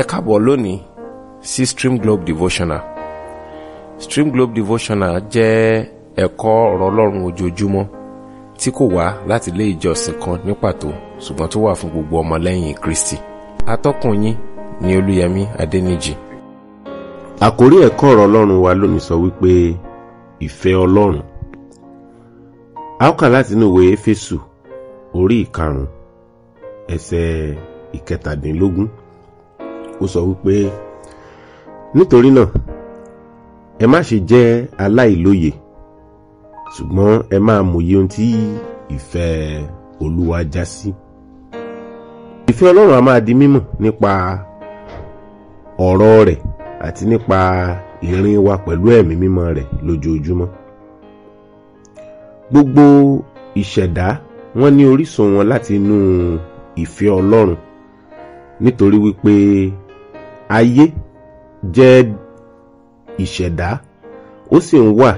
ẹ káàbọ̀ lónìí sí Stream Globe Devotional Stream Globe Devotional jẹ́ ẹ̀kọ́ ọ̀rọ̀ ọlọ́run ojoojúmọ́ tí kò wá láti ilé ìjọsìn kan ní pàtó ṣùgbọ́n tó wà fún gbogbo ọmọlẹ́yìn Kristi atọ́kùn yín ni Olúyẹmí Adẹ́nìjì. àkórí ẹ̀kọ́ ọ̀rọ̀ ọlọ́run wa lónìí sọ wípé ìfẹ́ ọlọ́run a ó kà láti inú ìwé Éfésù orí ìkarùn-ún ẹsẹ̀ ìkẹtàdínlógún. E ó sọ wípé nítorí náà ẹ má ṣe jẹ́ aláìlóye ṣùgbọ́n ẹ máa mòye ohun tí ìfẹ́ olúwa já sí ìfẹ́ ọlọ́run a máa di mímọ̀ nípa ọ̀rọ̀ rẹ̀ àti nípa ìrìn wa pẹ̀lú ẹ̀mí mímọ́ rẹ̀ lójoojúmọ́ gbogbo ìṣẹ̀dá wọ́n ní orísun wọn láti inú ìfẹ́ ọlọ́run nítorí wípé ayé jẹ́ ìṣẹ̀dá ó sì ń wà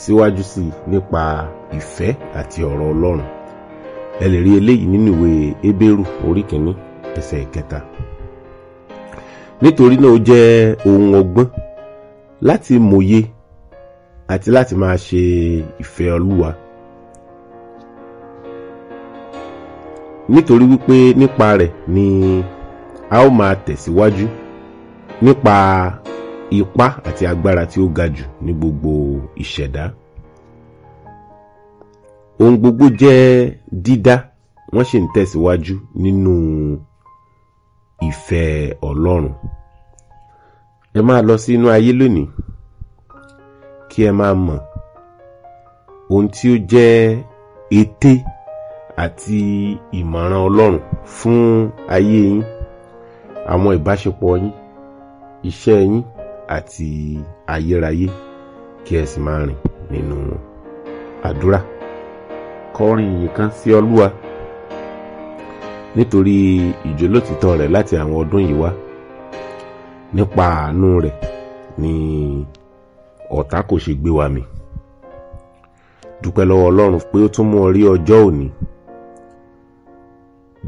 síwájú sí i nípa ìfẹ́ àti ọ̀rọ̀ Ọlọ́run ẹ lè rí eléyìí nínú ìwé Hébérù orí kìíní ẹsẹ̀ ìkẹta nítorí náà ó jẹ́ ohun ọgbọ́n láti mòye àti láti máa ṣe ìfẹ́ Olúwa nítorí wípé nípa rẹ̀ ni a ó máa tẹ̀síwájú. Si nípa ipá àti agbára tí ó ga jù ní gbogbo ìṣẹ̀dá. Ohun gbogbo jẹ́ dídá wọ́n sì ń tẹ̀síwájú nínú ìfẹ́ Ọlọ́run. Ẹ máa lọ sí inú ayé lónìí kí ẹ máa mọ̀ ohun tí ó jẹ́ ète àti ìmọ̀ràn Ọlọ́run fún ayé yín àwọn ìbáṣepọ̀ yín iṣẹ́ yín àti ayérayé kí ẹ sì máa rìn nínú wọn. àdúrà kọrin ìyìn kan sí olúwa nítorí ìjólótìtọ́ rẹ̀ láti àwọn ọdún yìí wá nípa àánú rẹ̀ ni ọ̀tá kò ṣe gbé wa mì dúpẹ́ lọ́wọ́ ọlọ́run pé ó tún mú ọ rí ọjọ́ òní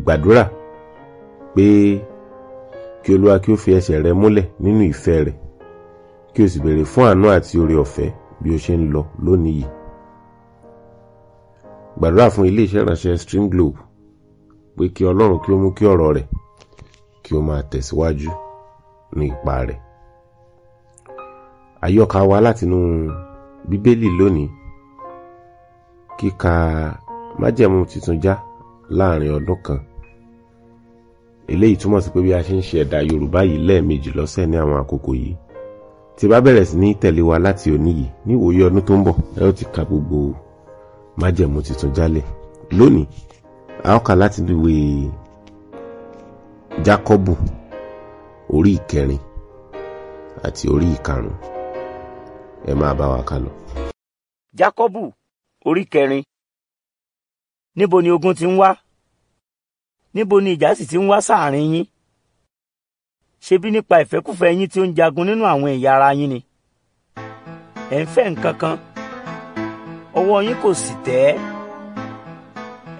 gbàdúrà pé. Pe kí olúwa kí ó fi ẹsẹ̀ rẹ múlẹ̀ nínú ìfẹ́ rẹ̀ kí o sì béèrè fún àánú àti oore ọ̀fẹ́ bí o ṣe ń lọ lónìí yìí gbàdúrà fún ilé iṣẹ́ ìránṣẹ́ Stream Globe pé kí ọlọ́run kí ó mú kí ọ̀rọ̀ rẹ̀ kí ó máa tẹ̀síwájú ní ipa rẹ̀ àyọkà wa látinú bíbélì lónìí kíka májẹ̀mú tuntun já láàrin ọdún kan eléyìí túmọ̀ sí pé bí a ṣe ń ṣe ẹ̀dà yorùbá yìí lẹ́ẹ̀mejì lọ́sẹ̀ ní àwọn àkókò yìí tí bá bẹ̀rẹ̀ sí ní tẹ̀lé wa láti òní yìí ní ìwòye ọdún tó ń bọ̀ ẹ ó ti ka gbogbo májẹ̀mú tuntun jálẹ̀ lónìí a ó láti ìwé jákọ́bù orí ìkẹrin àti orí ìkarùn ẹ máa bá wa ká lọ. jákọ́bù orí kẹrin níbo ni ogun ti ń wá níbo ni ìjà sì ti ń wá sáàrin yín ṣebí nípa ìfẹ́kúfẹ́ yín tí ó ń jagun nínú àwọn ẹ̀yà ara yín ni ẹ̀ ń fẹ́ nǹkan kan ọwọ́ yín kò sì tẹ́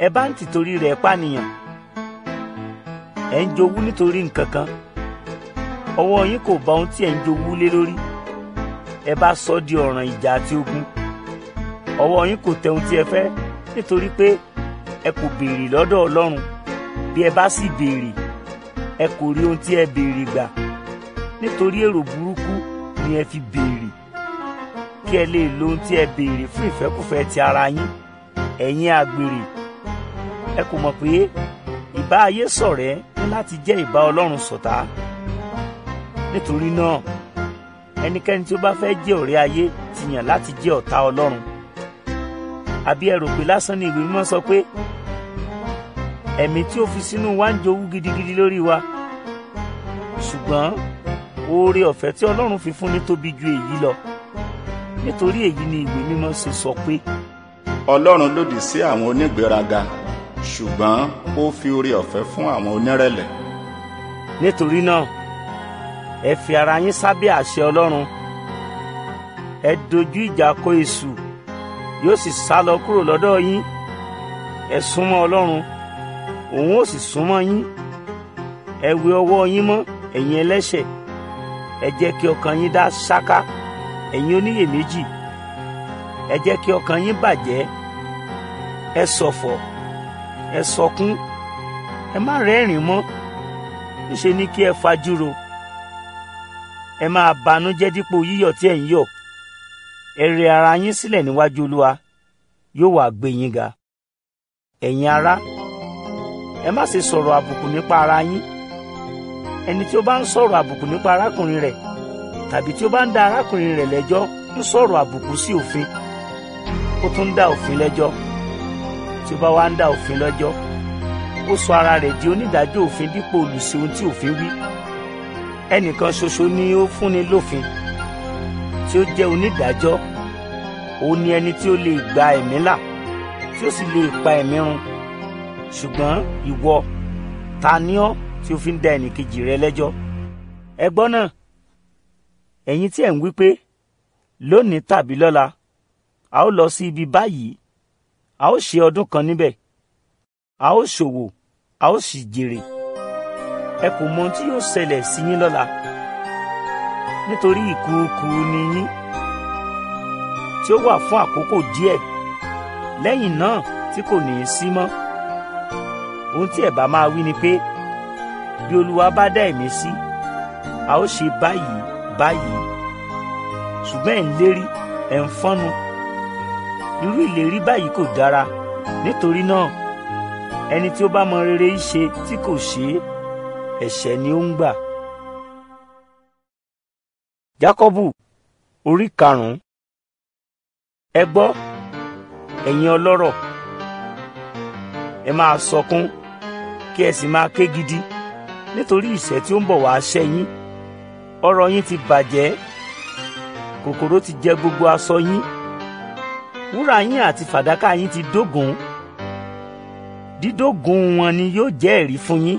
ẹ bá ń tìtorí rẹ̀ pànìyàn ẹ ń jowú nítorí nǹkan kan ọwọ́ yín kò bá ohun tí ẹ ń jowú lé lórí ẹ bá sọ di ọ̀ràn ìjà àti ogun ọwọ́ yín kò tẹ ohun tí ẹ fẹ́ nítorí pé ẹ kò béèrè lọ́dọ̀ Ọlọ́run bí ẹ bá sì béèrè ẹ kò rí ohun tí ẹ béèrè gbà nítorí èrò burúkú ni ẹ fi béèrè kí ẹ lè lo ohun tí ẹ béèrè fún ìfẹ́kùfẹ́ ti ara yín ẹ̀yin àgbèrè ẹ kò mọ̀ pé ìbá ayé ṣọ̀rẹ́ ní láti jẹ́ ìbá Ọlọ́run ṣọ̀tá nítorí náà ẹnikẹ́ni tí ó bá fẹ́ jẹ́ ọ̀rẹ́ ayé ti yàn láti jẹ́ ọ̀tá Ọlọ́run àbí ẹ rò pé lásán ni ìwé mímọ́ sọ pé ẹ̀mí tí ó fi sínú wa ń jowú gidigidi lórí wa ṣùgbọ́n oore ọ̀fẹ́ tí ọlọ́run fi fún ni tóbi ju èyí lọ nítorí èyí ni ìwé mímọ́ ṣe sọ pé. ọlọ́run lòdì sí àwọn onígbéraga ṣùgbọ́n ó fi oore ọ̀fẹ́ fún àwọn onírẹ̀lẹ̀. nítorí náà ẹ fi ara yín sábẹ́ àṣẹ ọlọ́run ẹ dojú ìjà kọ èṣù yóò sì sá lọ kúrò lọ́dọ̀ yín ẹ súnmọ́ ọlọ́run òun ó sì súnmọ́ yín ẹ wẹ ọwọ́ yín mọ́ ẹ̀yin ẹlẹ́ṣẹ̀ ẹ jẹ́ kí ọkàn yín dá ṣáká ẹ̀yin oníyèméjì ẹ jẹ́ kí ọkàn yín bàjẹ́ ẹ ṣọ̀fọ̀ ẹ ni kí ẹ fajúro ẹ máa banújẹ́ dípò ara yín sílẹ̀ níwájú Olúwa yóò wá gbé yín ga ẹ̀yin ẹ má ṣe sọ̀rọ̀ àbùkù nípa ara yín ẹni tí ó bá ń sọ̀rọ̀ àbùkù nípa arákùnrin rẹ̀ tàbí tí ó bá ń dá arákùnrin rẹ̀ lẹ́jọ́ ń sọ̀rọ̀ àbùkù sí òfin ó tún ń dá òfin lẹ́jọ́ tí ó bá wá ń dá òfin lẹ́jọ́ ó sọ ara rẹ̀ di onídàájọ́ òfin dípò olùṣe ohun tí òfin wí ẹnìkan ṣoṣo ni ó fúnni lófin tí ó jẹ́ onídàájọ́ òun ni ẹni tí ó lè gba ẹ̀mí là tí ó sì lè pa ẹ̀mí run ṣùgbọ́n ìwọ ta ni ọ́ tí o fi ń da ẹnìkejì rẹ lẹ́jọ́ ẹ gbọ́ náà ẹ̀yin tí ẹ̀ ń wí pé lónìí tàbí lọ́la a ó lọ sí ibi báyìí a ó ṣe ọdún kan níbẹ̀ a ó ṣòwò a ó sì jèrè ẹ kò mọ ohun tí yóò ṣẹlẹ̀ sí yín lọ́la nítorí ìkùukù ni yín tí ó wà fún àkókò díẹ̀ lẹ́yìn náà tí kò ní í sí mọ́ ohun tí ẹ bá máa wí ni pé bí olúwa bá dá ẹ̀mí sí a ó ṣe báyìí báyìí ṣùgbọ́n ẹ̀ ń lérí ẹ̀ ń fọ́nu irú ìlérí báyìí kò dára nítorí náà ẹni tí ó bá mọ rere ṣe tí kò ṣe é ẹ̀ṣẹ̀ ni ó ń gbà. jákọ́bù orí karùn-ún ẹ gbọ́ ẹ̀yin ọlọ́rọ̀ ẹ máa sọkún. So kí ẹ sì máa ké gidi nítorí ìṣẹ́ tí ó ń bọ̀ wá ṣẹ́ yín ọrọ̀ yín ti bàjẹ́ kòkòrò ti jẹ gbogbo aṣọ yín wúrà yín àti fàdákà yín ti dógùn dídógùn wọn ni yóò jẹ́ ẹ̀rí fún yín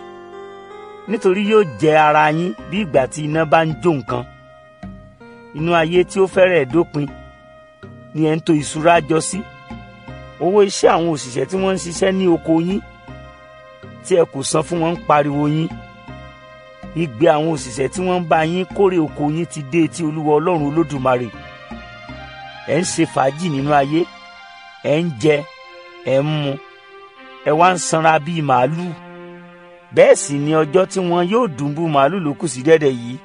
nítorí yóò jẹ ara yín bí ìgbà tí iná bá ń jó nǹkan inú ayé tí ó fẹ́rẹ̀ dópin ni ẹ̀ ń to ìṣúra jọ sí owó iṣẹ́ àwọn òṣìṣẹ́ tí wọ́n ń ṣiṣẹ́ ní oko yín tí ẹ kò san fún wọn ń pariwo yín igbe àwọn òṣìṣẹ́ tí wọ́n ń bá yín kórè oko yín ti dé etí olúwa ọlọ́run olódùmarè ẹ̀ ń ṣe fàájì nínú ayé ẹ̀ ń jẹ ẹ̀ ń mu ẹ̀ wá ń sanra bíi màálùú bẹ́ẹ̀ sì ni ọjọ́ tí wọn yóò dùnbú màálùú ló kù sí dẹ́dẹ̀ yìí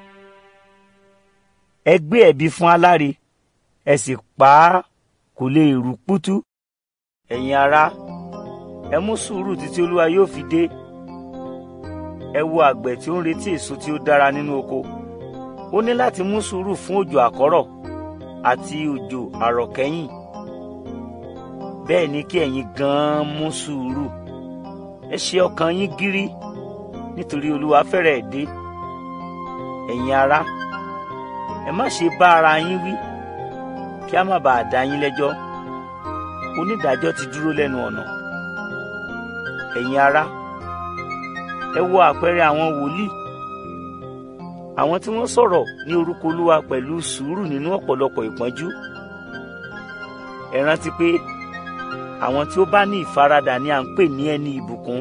ẹ gbé ẹ̀bi fún aláre ẹ sì pa á kò lè rú pútú ẹ̀yin ará ẹ mú sùúrù títí olúwa yóò fi dé ẹ wo àgbẹ̀ tí ó ń retí èso tí ó dára nínú oko ó ní láti mú sùúrù fún òjò àkọ́rọ̀ àti òjò àrọ̀kẹ́yìn bẹ́ẹ̀ ni kí ẹ̀yin gan-an mú sùúrù ẹ ṣe ọkàn yín gírí nítorí olúwa fẹ́rẹ̀ dé ẹ̀yin ará ẹ má ṣe bá ara yín wí kí a má bàa dá yín lẹ́jọ́ onídàájọ́ ti dúró lẹ́nu ọ̀nà ẹ̀yin ará ẹ wo àpẹẹrẹ àwọn wòlíì àwọn tí wọ́n sọ̀rọ̀ ní orúkọ olúwa pẹ̀lú sùúrù nínú ọ̀pọ̀lọpọ̀ ìpọ́njú ẹ rántí pé àwọn tí ó bá ní ìfaradà ni à ń pè ní ẹni ìbùkún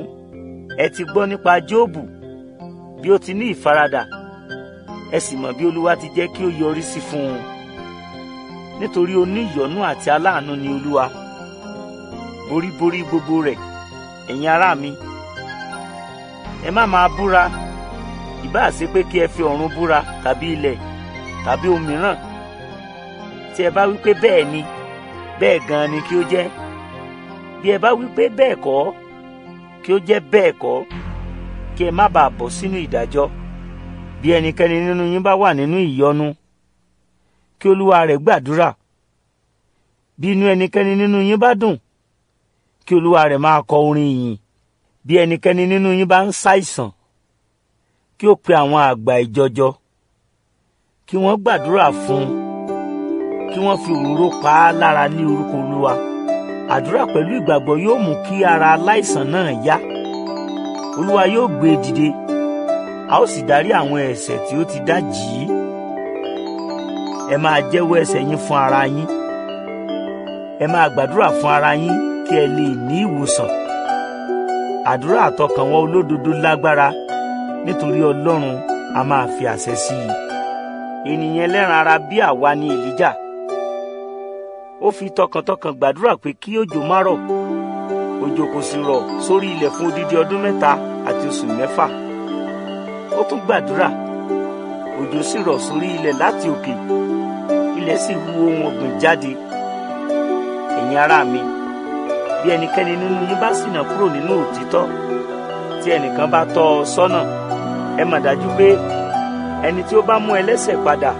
ẹ ti gbọ́ nípa jóòbù bí ó ti ní ìfaradà ẹ sì mọ̀ bí olúwa ti jẹ́ kí ó yọrí sí fún un nítorí oníyọ̀nú àti aláàánú ni olúwa boríborí gbogbo rẹ̀ ẹ̀yin ará mi ẹ má máa búra ìbáà ṣe pé kí ẹ fi ọ̀run búra tàbí ilẹ̀ tàbí òmíràn tí ẹ bá wí pé bẹ́ẹ̀ ni bẹ́ẹ̀ gan ni kí ó jẹ́ bí ẹ bá wí pé bẹ́ẹ̀ kọ́ kí ó jẹ́ bẹ́ẹ̀ kọ́ kí ẹ má bàa bọ́ sínú ìdájọ́ bí ẹnikẹ́ni nínú yín bá wà nínú ìyọnu kí olúwa rẹ̀ gbàdúrà bí inú ẹnikẹ́ni nínú yín bá dùn kí olúwa rẹ̀ máa kọ orin ìyìn bí ẹnikẹ́ni nínú yín bá ń ṣàìsàn kí ó pe àwọn àgbà ìjọjọ kí wọ́n gbàdúrà fún un kí wọ́n fi òróró pa á lára ní orúkọ olúwa àdúrà pẹ̀lú ìgbàgbọ́ yóò mú kí ara aláìsàn náà yá olúwa yóò gbé e dìde a ó sì dárí àwọn ẹ̀ṣẹ̀ tí ó ti dá jì ẹ máa jẹ́wọ́ ẹ̀ṣẹ̀ yín fún ara yín ẹ máa gbàdúrà fún ara yín kí ẹ lè ní ìwòsàn àdúrà àtọkànwọ́ olódodo lágbára nítorí ọlọ́run a máa fi àṣẹ sí i ènìyàn ẹlẹ́ran ara bí àwa ni èlíjà ó fi tọkàntọkàn gbàdúrà pé kí òjò má rọ̀ òjò kò sì rọ̀ sórí ilẹ̀ fún odidi ọdún mẹ́ta àti oṣù mẹ́fà ó tún gbàdúrà òjò sì rọ̀ sórí ilẹ̀ láti òkè ilẹ̀ sì hu ohun ọ̀gbìn jáde ẹ̀yin ará mi bí ẹnikẹ́ni nínú yín bá ṣìnà kúrò nínú òtítọ́ tí ẹnìkan bá tọ́ ọ sọ́nà ẹ mà dájú pé ẹni tí ó bá mú ẹlẹ́ṣẹ̀ padà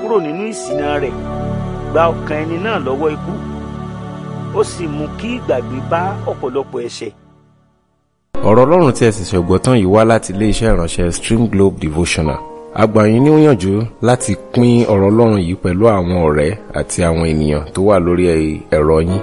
kúrò nínú ìṣìnà rẹ̀ gba ọkàn ẹni náà lọ́wọ́ ikú ó sì mú kí ìgbàgbé bá ọ̀pọ̀lọpọ̀ ẹ̀ṣẹ̀. ọ̀rọ̀ ọlọ́run tí ẹ sì ṣẹ̀gbọ́ tán yìí wá láti iléeṣẹ́ ìránṣẹ́ Stream Globe Devotional a gbà yín ní òyànjú láti pín ọ̀rọ̀ ọlọ́run yìí pẹ̀lú àwọn ọ̀rẹ́ àti àwọn ènìyàn tó wà lórí ẹ̀rọ yín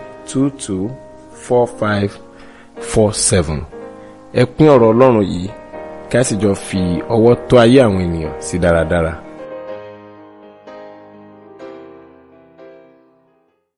224547. ẹ pín ọ̀rọ̀ ọlọ́run yìí kí a sì jọ fi ọwọ́ tó ayé àwọn ènìyàn sí dáradára.